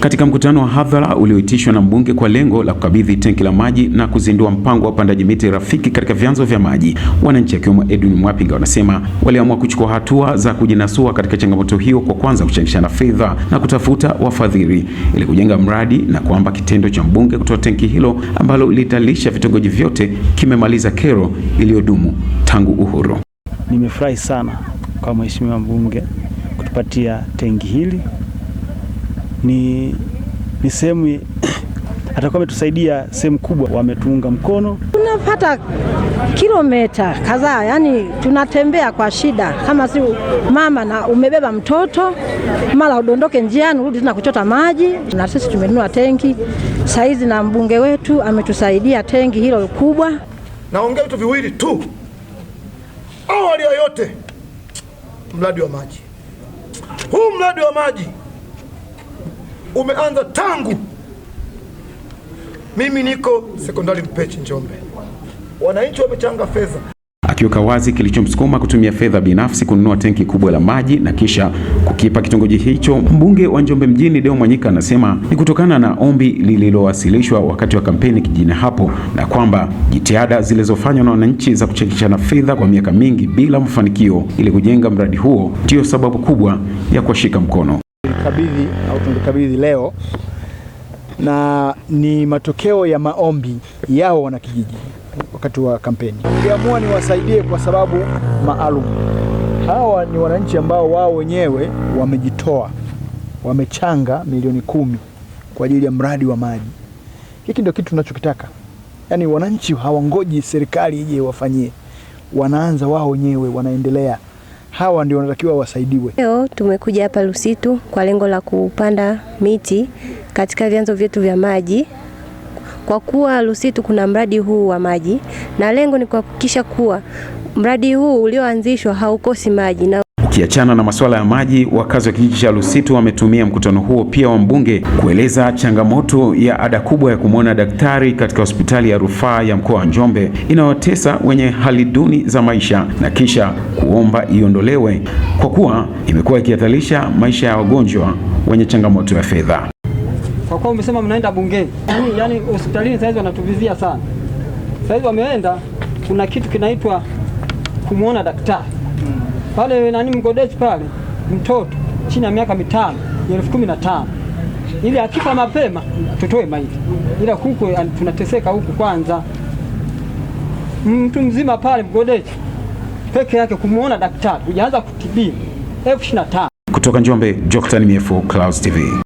Katika mkutano wa hadhara ulioitishwa na mbunge kwa lengo la kukabidhi tenki la maji na kuzindua mpango wa upandaji miti rafiki katika vyanzo vya maji, wananchi akiwemo Edwin Mwapinga wanasema waliamua kuchukua hatua za kujinasua katika changamoto hiyo kwa kwanza kuchangishana fedha na kutafuta wafadhili ili kujenga mradi na kwamba kitendo cha mbunge kutoa tenki hilo ambalo litalisha vitongoji vyote kimemaliza kero iliyodumu tangu uhuru. Nimefurahi sana kwa mheshimiwa mbunge kutupatia tenki hili ni, ni sehemu atakuwa ametusaidia sehemu kubwa, wametuunga mkono. Tunapata kilomita kadhaa, yani tunatembea kwa shida, kama si mama na umebeba mtoto, mara udondoke njiani urudi tena kuchota maji. Na sisi tumenunua tenki saizi, na mbunge wetu ametusaidia tenki hilo kubwa. Naongea vitu viwili tu, awali ya yote, mradi wa maji huu, mradi wa maji umeanza tangu mimi niko sekondari Mpechi, Njombe. Wananchi wamechanga fedha akiweka wazi kilichomsukuma kutumia fedha binafsi kununua tenki kubwa la maji na kisha kukipa kitongoji hicho. Mbunge wa Njombe mjini Deo Mwanyika anasema ni kutokana na ombi lililowasilishwa wakati wa kampeni kijijini hapo, na kwamba jitihada zilizofanywa na wananchi za kuchekishana fedha kwa miaka mingi bila mafanikio ili kujenga mradi huo ndiyo sababu kubwa ya kuwashika mkono tulikabidhi au tulikabidhi leo na ni matokeo ya maombi yao wanakijiji wakati wa kampeni. Ukiamua niwasaidie kwa sababu maalum. Hawa ni wananchi ambao wao wenyewe wamejitoa, wamechanga milioni kumi kwa ajili ya mradi wa maji. Hiki ndio kitu tunachokitaka, yaani wananchi hawangoji serikali ije wafanyie, wanaanza wao wenyewe, wanaendelea hawa ndio wanatakiwa wasaidiwe. Leo tumekuja hapa Lusitu kwa lengo la kupanda miti katika vyanzo vyetu vya maji kwa kuwa Lusitu kuna mradi huu wa maji na lengo ni kuhakikisha kuwa mradi huu ulioanzishwa haukosi maji na Kiachana na masuala ya maji, wakazi wa kijiji cha Lusitu wametumia mkutano huo pia wa mbunge kueleza changamoto ya ada kubwa ya kumwona daktari katika hospitali ya rufaa ya mkoa wa Njombe inayotesa wenye hali duni za maisha na kisha kuomba iondolewe kwa kuwa imekuwa ikihatarisha maisha ya wagonjwa wenye changamoto ya fedha. Kwa kuwa umesema mnaenda bungeni, yani hospitalini saizi wanatuvizia sana. Saizi wameenda, kuna kitu kinaitwa kumwona daktari pale nani mgodezi pale, mtoto chini ya miaka mitano ya elfu kumi na tano ili akifa mapema tutoe maiti, ila huko eh, tunateseka huku. Kwanza mtu mzima pale mgodezi peke yake kumuona daktari, hujaanza kutibia elfu ishirini na tano. Kutoka Njombe, Joctan Myefu, Clouds TV.